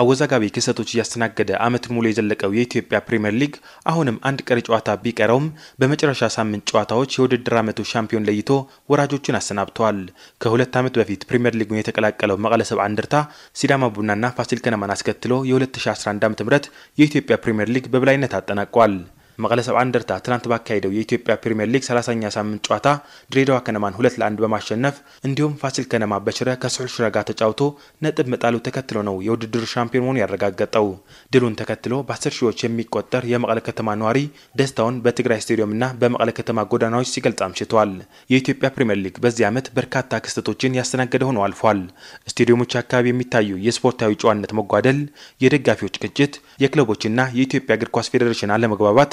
አወዛጋቢ ክስተቶች እያስተናገደ ዓመት ሙሉ የዘለቀው የኢትዮጵያ ፕሪምየር ሊግ አሁንም አንድ ቀሪ ጨዋታ ቢቀረውም በመጨረሻ ሳምንት ጨዋታዎች የውድድር ዓመቱ ሻምፒዮን ለይቶ ወራጆቹን አሰናብተዋል። ከሁለት ዓመት በፊት ፕሪምየር ሊጉን የተቀላቀለው መቀለ ሰብ አንድርታ ሲዳማ ቡናና ፋሲል ከነማን አስከትሎ የ2011 ዓ ም የኢትዮጵያ ፕሪምየር ሊግ በበላይነት አጠናቋል። መቀለ ሰብዓ እንደርታ ትናንት ባካሄደው የኢትዮጵያ ፕሪምየር ሊግ 30ኛ ሳምንት ጨዋታ ድሬዳዋ ከነማን ሁለት ለአንድ በማሸነፍ እንዲሁም ፋሲል ከነማ በሽረ ከስሑል ሽረ ጋር ተጫውቶ ነጥብ መጣሉ ተከትሎ ነው የውድድሩ ሻምፒዮን መሆኑን ያረጋገጠው። ድሉን ተከትሎ በ10 ሺዎች የሚቆጠር የመቀለ ከተማ ነዋሪ ደስታውን በትግራይ ስቴዲየምና በመቀለ ከተማ ጎዳናዎች ሲገልጽ አምሽተዋል። የኢትዮጵያ ፕሪምየር ሊግ በዚህ ዓመት በርካታ ክስተቶችን ያስተናገደ ሆኖ አልፏል። ስቴዲየሞች አካባቢ የሚታዩ የስፖርታዊ ጨዋነት መጓደል፣ የደጋፊዎች ግጭት፣ የክለቦችና የኢትዮጵያ እግር ኳስ ፌዴሬሽን አለመግባባት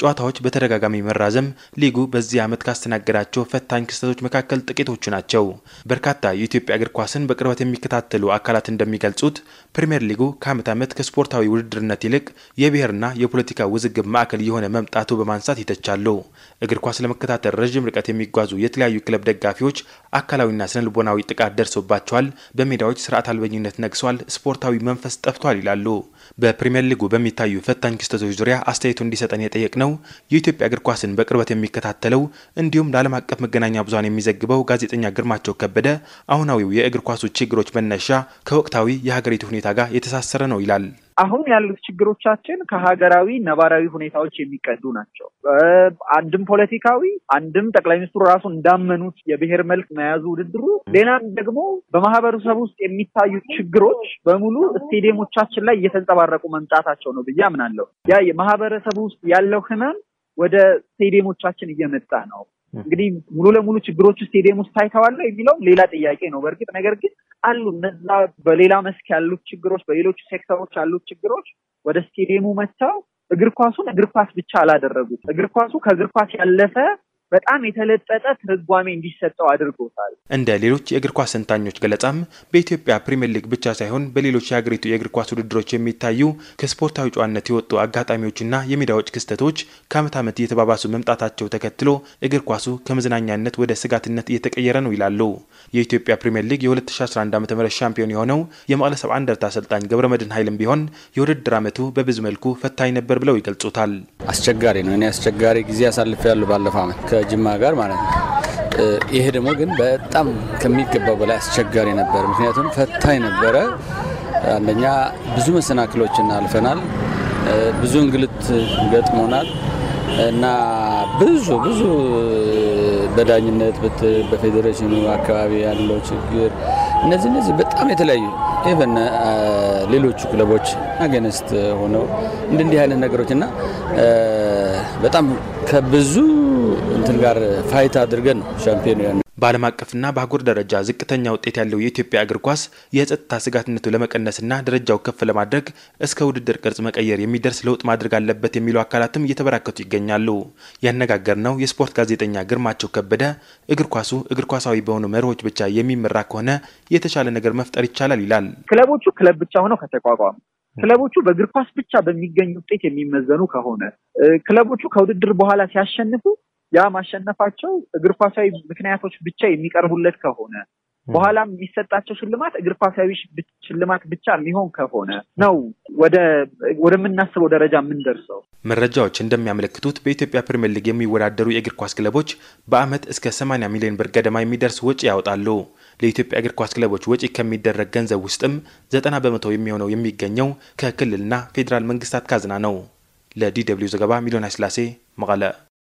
ጨዋታዎች በተደጋጋሚ መራዘም ሊጉ በዚህ ዓመት ካስተናገዳቸው ፈታኝ ክስተቶች መካከል ጥቂቶቹ ናቸው። በርካታ የኢትዮጵያ እግር ኳስን በቅርበት የሚከታተሉ አካላት እንደሚገልጹት ፕሪምየር ሊጉ ከዓመት ዓመት ከስፖርታዊ ውድድርነት ይልቅ የብሔርና የፖለቲካ ውዝግብ ማዕከል የሆነ መምጣቱ በማንሳት ይተቻሉ። እግር ኳስ ለመከታተል ረዥም ርቀት የሚጓዙ የተለያዩ ክለብ ደጋፊዎች አካላዊና ስነልቦናዊ ጥቃት ደርሶባቸዋል፣ በሜዳዎች ስርዓት አልበኝነት ነግሷል፣ ስፖርታዊ መንፈስ ጠፍቷል ይላሉ። በፕሪምየር ሊጉ በሚታዩ ፈታኝ ክስተቶች ዙሪያ አስተያየቱ እንዲሰጠን የጠየቅነው ነው። የኢትዮጵያ እግር ኳስን በቅርበት የሚከታተለው እንዲሁም ለዓለም አቀፍ መገናኛ ብዙሃን የሚዘግበው ጋዜጠኛ ግርማቸው ከበደ አሁናዊው የእግር ኳሱ ችግሮች መነሻ ከወቅታዊ የሀገሪቱ ሁኔታ ጋር የተሳሰረ ነው ይላል። አሁን ያሉት ችግሮቻችን ከሀገራዊ ነባራዊ ሁኔታዎች የሚቀዱ ናቸው። አንድም ፖለቲካዊ፣ አንድም ጠቅላይ ሚኒስትሩ ራሱ እንዳመኑት የብሔር መልክ መያዙ ውድድሩ፣ ሌላም ደግሞ በማህበረሰብ ውስጥ የሚታዩ ችግሮች በሙሉ ስቴዲየሞቻችን ላይ እየተንጸባረቁ መምጣታቸው ነው ብዬ አምናለሁ። ያ የማህበረሰብ ውስጥ ያለው ህመም ወደ ስቴዲየሞቻችን እየመጣ ነው። እንግዲህ ሙሉ ለሙሉ ችግሮቹ ስቴዲየም ውስጥ ታይተዋል የሚለውም ሌላ ጥያቄ ነው በእርግጥ ነገር ግን አሉ እነዛ በሌላ መስክ ያሉት ችግሮች፣ በሌሎች ሴክተሮች ያሉት ችግሮች ወደ ስቴዲየሙ መጥተው እግር ኳሱን እግር ኳስ ብቻ አላደረጉት። እግር ኳሱ ከእግር ኳስ ያለፈ በጣም የተለጠጠ ትርጓሜ እንዲሰጠው አድርጎታል። እንደ ሌሎች የእግር ኳስ ተንታኞች ገለጻም በኢትዮጵያ ፕሪምየር ሊግ ብቻ ሳይሆን በሌሎች የሀገሪቱ የእግር ኳስ ውድድሮች የሚታዩ ከስፖርታዊ ጨዋነት የወጡ አጋጣሚዎችና የሜዳዎች ክስተቶች ከዓመት ዓመት እየተባባሱ መምጣታቸው ተከትሎ እግር ኳሱ ከመዝናኛነት ወደ ስጋትነት እየተቀየረ ነው ይላሉ። የኢትዮጵያ ፕሪምየር ሊግ የ2011 ዓ ም ሻምፒዮን የሆነው የመቀለ ሰብዓ እንደርታ አሰልጣኝ ገብረመድህን ኃይልም ቢሆን የውድድር ዓመቱ በብዙ መልኩ ፈታኝ ነበር ብለው ይገልጹታል። አስቸጋሪ ነው። እኔ አስቸጋሪ ጊዜ አሳልፍ ያሉ ባለፈው አመት ከጅማ ጋር ማለት ነው። ይሄ ደግሞ ግን በጣም ከሚገባው በላይ አስቸጋሪ ነበር። ምክንያቱም ፈታኝ ነበረ። አንደኛ ብዙ መሰናክሎችን አልፈናል። ብዙ እንግልት ገጥሞናል እና ብዙ ብዙ በዳኝነት በፌዴሬሽኑ አካባቢ ያለው ችግር እነዚህ እነዚህ በጣም የተለያዩ ኢቨን uh, ሌሎቹ ክለቦች አገንስት ሆነው እንደ እንዲህ አይነት ነገሮች እና uh, በጣም ከብዙ እንትን ጋር ፋይት አድርገን ነው ሻምፒዮን በዓለም አቀፍና በአህጉር ደረጃ ዝቅተኛ ውጤት ያለው የኢትዮጵያ እግር ኳስ የጸጥታ ስጋትነቱ ለመቀነስና ደረጃው ከፍ ለማድረግ እስከ ውድድር ቅርጽ መቀየር የሚደርስ ለውጥ ማድረግ አለበት የሚሉ አካላትም እየተበራከቱ ይገኛሉ። ያነጋገር ነው የስፖርት ጋዜጠኛ ግርማቸው ከበደ እግር ኳሱ እግር ኳሳዊ በሆኑ መርሆች ብቻ የሚመራ ከሆነ የተሻለ ነገር መፍጠር ይቻላል ይላል። ክለቦቹ ክለብ ብቻ ሆነው ከተቋቋሙ ክለቦቹ በእግር ኳስ ብቻ በሚገኝ ውጤት የሚመዘኑ ከሆነ ክለቦቹ ከውድድር በኋላ ሲያሸንፉ ያ ማሸነፋቸው እግር ኳሳዊ ምክንያቶች ብቻ የሚቀርቡለት ከሆነ በኋላም የሚሰጣቸው ሽልማት እግር ኳሳዊ ሽልማት ብቻ የሚሆን ከሆነ ነው ወደምናስበው ደረጃ የምንደርሰው። መረጃዎች እንደሚያመለክቱት በኢትዮጵያ ፕሪምየር ሊግ የሚወዳደሩ የእግር ኳስ ክለቦች በዓመት እስከ 80 ሚሊዮን ብር ገደማ የሚደርስ ወጪ ያወጣሉ። ለኢትዮጵያ እግር ኳስ ክለቦች ወጪ ከሚደረግ ገንዘብ ውስጥም 90 በመቶ የሚሆነው የሚገኘው ከክልልና ፌዴራል መንግስታት ካዝና ነው። ለዲ ደብልዩ ዘገባ ሚሊዮን ስላሴ መቀለ